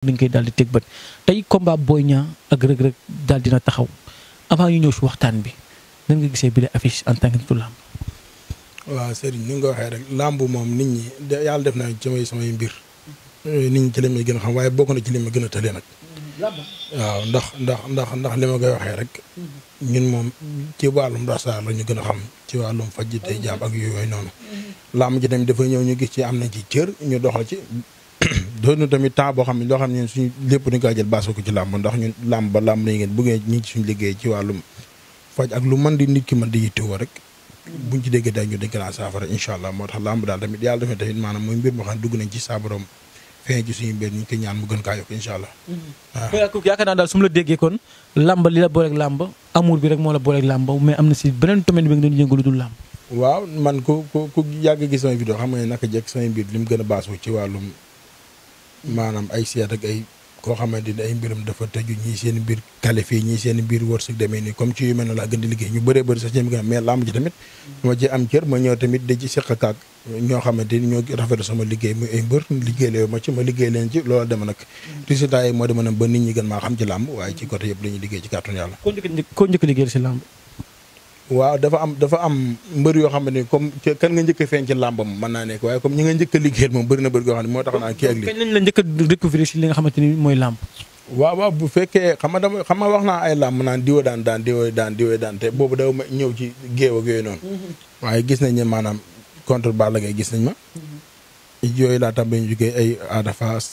dañ koy daal di teg bët tey combat Boy Niang ak Reug Reug daal dina taxaw avant ñu ñëw su waxtaan bi nan nga gisee bile affiche en tant que nitu làmb. waaw ni nga ko waxee rek làmb moom nit ñi yàlla def naa ci may samay mbir euh, nit ñi ci li may gën a xam waaye bokk na ci li ma gën a tëlee nag. waaw ndax ndax ndax ndax li ma koy waxee rek ñun moom ci wàllum rasaar la ñu gën a xam ci wàllum faj tey jaab ak yooyu noonu. làmb ji tamit dafa ñëw ñu gis ci am nañ ci cër ñu doxal doon na tamit temps boo xam ne loo xam ne suñu lépp dañ koy jël baas ko ci làmb ndax ñun làmb ba làmb nañu ngeen bëggee ñu ci suñu liggéey ci wàllum faj ak lu mën di nit ki mën di yittewoo rek buñ ci déggee ñu dañ ko daan moo tax làmb daal tamit yàlla defee tamit maanaam mooy mbir moo xam ne dugg nañ ci saabaroom feeñ ci suñu mbir ñu ñaan mu gën kaa yokk incha allah waaw bi rek na si beneen domaine bi nga doon man ku ku ku yàgg gis samay vidéo xam ne naka jekk samay mbir li mu gën a baasoo ci wàllum maanaam ay seet ak ay koo xamante ni ay mbiram dafa tëju ñii seen mbir qualifié ñii seen mbir wërsëg demee nii comme ci yu mel laa gën di liggéey ñu bëree bëri sax seen gën mais lamb ji tamit ma ci am cër ma ñëw tamit da ci seq ñoo xamante ñoo rafetlu sama liggéey muy ay mbër liggéey la ma ci ma liggéey leen ci loolu dema nag résultat moo dema nag ba nit ñi gën maa xam ci làmb waaye ci côté yëpp la liggéey ci kàttanu yàlla koo waaw dafa am dafa am mbër yoo xam ne comme kan nga njëkk a feeñ ci làmbam mën naa nekk waaye comme ñi nga njëkk a liggéeyal moom bëri na bëri yoo xam ne moo tax naa kii ak lii a mooy làmb waaw bu fekkee xam nga xam nga wax naa ay làmb naan diwa daan daan diwa daan diwa daan te boobu daw ma ñëw ci géew ak yooyu noonu mm-hmm. waaye gis nañ ne maanaam contre Balla Gaye gis nañ ma mm-hmm. yooyu laa tam ñu jógee ay Ada Fass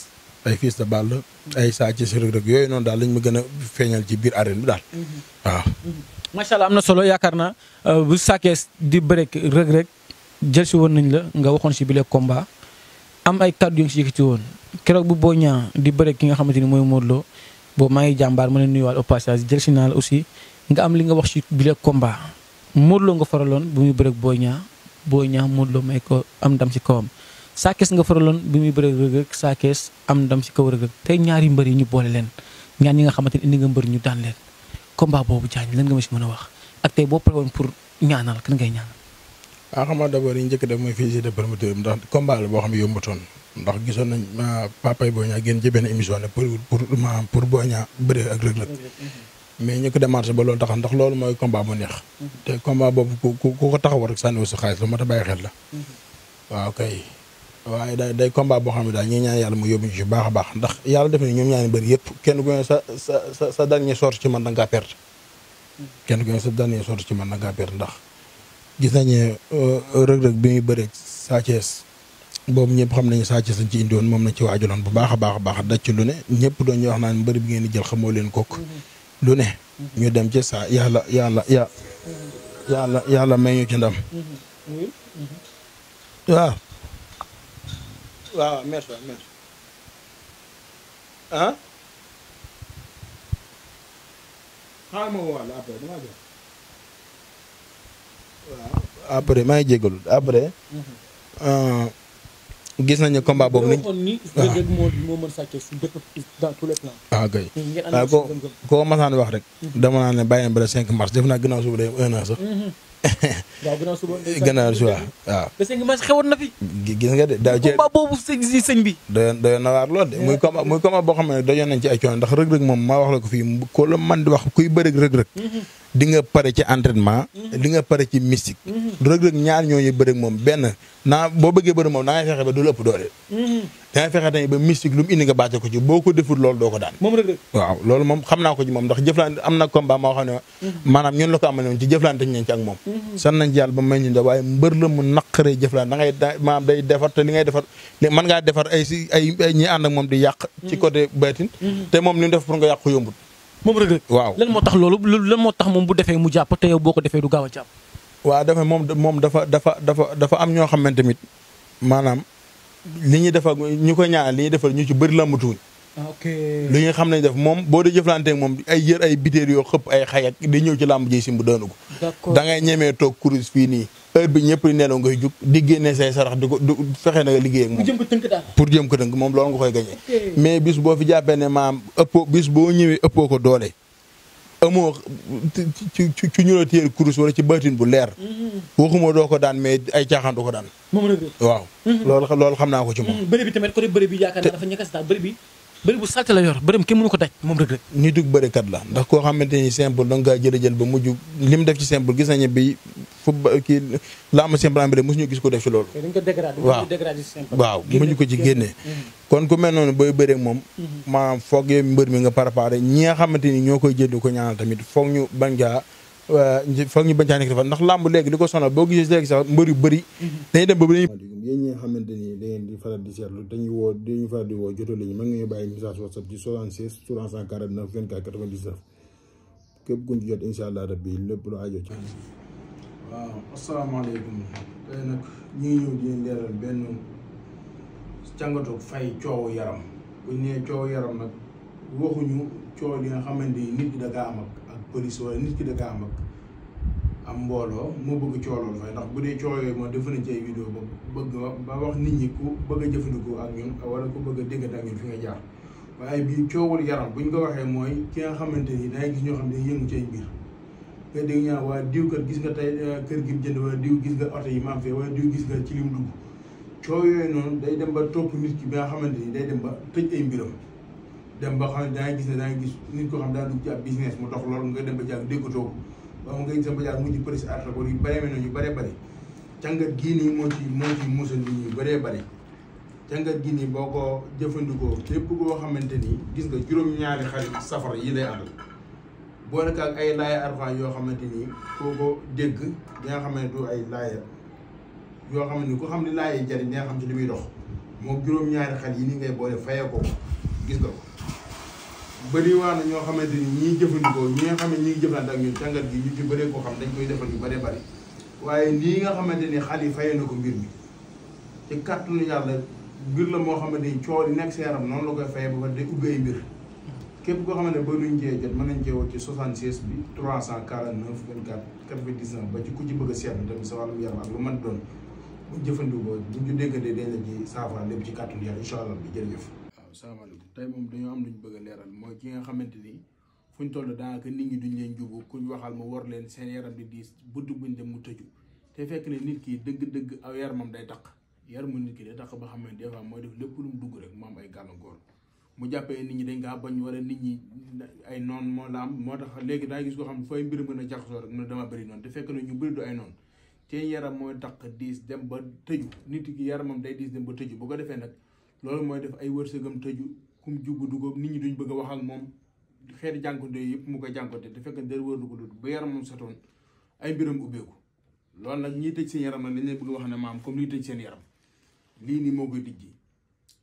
ay Fils de Balla ay Sa Thiès Reug Reug yooyu noonu daal lañ ma gën a feeñal ci biir arène bi daal mm-hmm. waaw macha amna na solo yakarna euh, bu saké di break rek rek jël si won nañ la nga waxon si bilé combat am ay cadeau ci yëkëti si kérok bu boña di break ki nga xamanteni ni modlo bo Lo boobu maa ngi jàmbaar ma leen nuyuwaat au passage jël si nal aussi nga am li nga wax ci bilé combat modlo nga faralon bu muy break boña boña modlo may ko am dam si kawam. saakees nga faralon bu muy bëreeg rek Reug saakees am dam si kaw rek rek tay ñaari mbeur yi ñu bolé len ñaan yi nga xamanteni ni indi nga mbeur ñu daan len combat boobu Diagne lan nga ma si mën a wax ak tey boo pare woon pour ñaanal kan ngay ñaanal. waaw ah, xam nga d'abord yi njëkk def mooy félicité promoteur bi ndax combat la boo xam ne yombutoon ndax gisoon nañ ma papa yi boo ñaa génn ci benn ma pour boo ñaa bëree ak rëg-rëg mais ñu ko démarché ba loolu tax ndax loolu mooy combat bu neex mhm. te combat boobu ku ku ko taxaw rek sànniwu sa xaalis lu mat a bàyyi xel la mhm. waaw kay waaye day day combat boo xam ne daal ñii ñaan yàlla mu yóbbu ci baax a baax ndax yàlla def na ñoom ñaani bëri yëpp kenn ku ne sa sa sa sa dernier sort ci man da ngaa perte kenn ku sa dernier sort ci man da ngaa ndax gis nañu euh, rëg-rëg bi muy bëree Sa boobu ñëpp xam nañu Sa Thiès lañ ci indiwoon moom nañ ci waajaloon bu baax a baax a baax daj ci lu ne ñëpp doon ñu wax naan mbëri bi ngeen di jël xamoo leen kook mm-hmm. lu ne ñu dem ci saa yàlla yàlla mm-hmm. yàlla yàlla may ñu ci ndam mm-hmm. waaw waaw ah? waaw après maa ngi jégalu après. Mhm. Euh, gis nañu combat boobu. ni ñu ah. moo mën ah, masaan wax rek. Mhm. dama naa ne bàyyi na ba le 5 mars def naa gannaaw suba day am un waaw gannaaw suba eh, gannaaw suba waaw. parce que man xewoon na fi. gis nga de daaw ci combat boobu sëñ bi. doyoon doyoon na waar lool de muy eh. combat muy combat boo xam ne dajoon nañ ci ay coono ndax rëg-rëg moom maa wax la ko fii ko la man di wax kuy bëri rëg-rëg. Mm-hmm. di nga pare ci entraînement. Mm-hmm. di nga pare ci mystique. Mm-hmm. rëg-rëg ñaar ñooñu bëri moom benn naa boo bëggee bëri moom da ngay ba du la ëpp doole. dangay fexe tamit ba mystique lu mu indi nga bàcce ko ci boo ko deful loolu doo ko daan moom rek moom xam naa ko ci ndax jëflante am na combat moo xam ne maanaam ñun la ko amale woon ci jëflante ñeen ci ak moom mhm. san nañ ci yàlla ba may ñu da waaye mbër la mu naqaree defar te li ngay defar mën ngaa ñi ànd ak moom di mhm. mhm. te moom li def pour nga yàq ko yombut moom waaw lan moo tax loolu lan moo tax moom bu defee mu jàpp te boo ko defee du gaaw a jàpp waaw dafa moom moom dafa dafa dafa dafa am ñoo xamante mit maanaam li ñuy defal ñu ko ñaan li ñuy defal ñu ci bëri lambatuwuñ ok li nga xam nañ def moom boo dee jëflante moom ay jër ay bitéer yoo xëpp ay xayak di ñëw ci làmb ji simb doonuko da ngay ñemee toog kurus fii nii heure bi ñëpp di nelaw ngay jug di génne say sarax di ko fexe na nga liggéey moom pour jëm ko tënk moom loolu nga koy gañee mais bis boo fi jàppee ne maam ëppoo bis boo ñëwee ëppoo ko doole amoo ci ci ci ñu la téyel kurus wala ci baatin bu leer. Mm-hmm. waxuma doo ko daan mais ay caaxaan du ko daan. waaw. Mm-hmm. lool loolu xam naa ko ci moom. Mm-hmm. bëri bi tamit côté bëri bi yaakaar naa dafa ñàkk a bëri bi. bëri bu salte la yor bërëm kenn mënu ko daj moom rek rek nitug bërikat la ndax koo xamante ni simple danga kaa jël jël ba mujj lim def ci simple gis nañu bi football kii laa ma simple am bi de mosuñu gis ko def ci loolu waaw waaw mujj ko ci génnee mm-hmm. kon ku mel noonu booy bëreek moom mm-hmm. maanaam foog yow mbër mi nga par préparé ñi nga xamante ni ñoo koy jënd ko ñaanal tamit foog ñu bañ gaa foog ñu bañ caa nekk ndax làmb léegi li ko sonal boo gisee léegi sax mbër yu bëri dañuy dem ba ba yéen xamante ni da ngeen di faral di seetlu dañuy woo dañuy faral di woo jotoo lañu mën nga ñu bàyyi message whatsapp ci 76 349 24 99 képp ku ñu jot incha allah rabbi lépp lu aajo ci waaw asalaamaaleykum tey nag ñu ngi ñëw di leen leeral benn càngatu fay coowu yaram bu ñu nee yaram nag waxuñu coow li nga xamante ni nit ki da police wala nit ki da kaa am ak am mbooloo moo bëgg coolool fay ndax bu dee cooloo yi moom def nañ ci ay vidéo ba bëgg ba wax nit ñi ku bëgg a jëfandikoo ak ñun wala ku bëgg a déggante ak ñun fi nga jaar waaye bii coowul yaram buñ ko waxee mooy ki nga xamante ni dangay gis ñoo xam ne yëngu ci ay mbir nga dégg ñaa waa diw kër gis nga tey euh, kër gi jënd wala diw gis nga oto yi mam fee wala diw gis nga ci lim dugg coow noonu day dem ba topp nit ki bi nga xamante ni day dem ba tëj ay dem ba xam ne da ngay gis ne da ngay gis nit koo xam daa dugg ci ab business mu dox loolu nga dem ba jàng déggatoo ba mu nga gis ba jàng mujj presse article yu bëree mel ñu gii nii moo ci moo ci musal nit ñu bëree bëri boo ko jëfandikoo képp koo xamante ni gis nga juróom-ñaari xarit safar yi lay àndal boole ko ak ay laaya arfaan yoo xamante ni koo ko dégg di nga xam ne du ay laaya yoo xam ne ku xam ne laaya jariñ di nga xam ci li muy dox moom juróom-ñaari xal yi ni ngay boole fayee ko gis nga ko bëri waa na ñoo xamante ni ñii jëfandikoo ñi nga xam ne ñi ngi jëflante ak ñun jàngat gi ñu koo xam dañ koy defal yu bëree bëri waaye lii nga xamante ni xal yi fayee na ko mbir mi ci kàttanu la moo xamante ni coow li nekk la koy fayee ba koo xamante ne ba nuñ cee mën nañ cee woo ci 76 bi 349 24 99 ba ci ku ci bëgg a seetlu tamit sa wàllum yaram ak ci saafara lépp ci kàttanu yàlla incha allah bi jërëjëf waaw salaamaaleykum tey moom dañoo am lu ñu bëgg a leeral mooy ci nga xamante ni fu ñu toll daanaka nit ñi duñ leen jubu ku ñu waxal mu war leen seen yaram di diis budd buñ dem mu tëju te fekk ne nit ki dëgg-dëgg aw yaramam day taq yaramu nit ki day taq ba xam ne des fois mooy def lépp lu mu dugg rek mu am ay gàllankoor mu jàppee nit ñi dañ kaa bañ wala nit ñi ay noon moo la am moo tax léegi gis koo xam ne mbir mën a jaxasoo rek mu ne dama bëri noonu fekk na ñu bëri du ay noonu seen yaram mooy taq diis dem ba tëju nit ki yaramam day diis dem ba tëju bu ko defee nag loolu mooy def ay wërsëgam tëju kum juggu dugub nit ñi duñ bëgg a wax ak moom xeeti jànkonte yëpp mu koy jànkonte te fekk dara wër ko dut ba yaram moom setoon ay mbiram ubbeeku loolu nag ñiy tëj seen yaram nag dañ leen bëgg wax ne maam comme liy tëj seen yaram lii nii moo koy dijji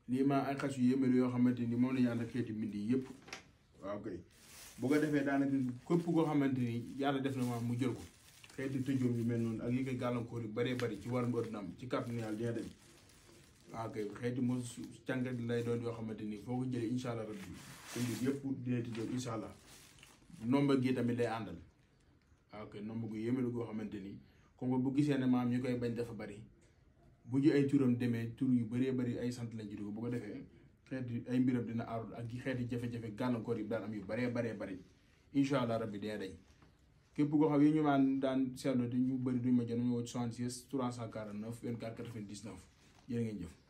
lii maa ay xas yu yéeme yoo xamante ni moom la ñu ànd ak xeeti yi yëpp waaw bu ko defee daanaka képp koo xamante ni yàlla def na maam mu jël ko xeeti tëjoom yu mel noonu ak yi koy gàllankoor yu baree bari ci wàllum ëdduna am ci kàttanu yàlla dina dem waaw kay xeeti mos càngat lay doon yoo xamante ni foo ko jëlee incha allah rabbi sëñ bi yëpp dina ci jóg allah nomba gi tamit lay àndal waaw kay nomba gu yéeme la goo xamante ni comme bu gisee ne maam ñu koy bañ dafa bari bu ñu ay turam demee tur yu bëree bëri ay sant lañ ci bu ko defee xeeti ay mbiram dina aarul ak xeeti jafe-jafe gàllankoor yi daan am yu baree baree bëri incha allah bi dina dañ képp koo xam yi ñu maan daan seetlu di ñu bëri duñ ma jot ñu woo 76有，有，有。